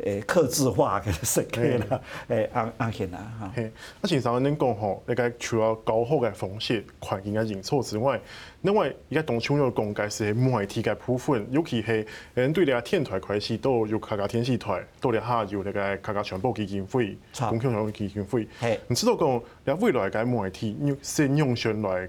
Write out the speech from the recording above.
誒，客製化嘅設計啦，誒對，硬硬性啦吓。阿先生，您講吼，一個除了搞好嘅風險環境嘅認錯之外，另外一個當向要講嘅是媒體嘅部分，尤其是誒對咱天台開始都有客家電視台，都有下有那個客家傳播基金會、公共傳播基金會，唔對、嗯、知道講，有未來嘅媒體要先用心來。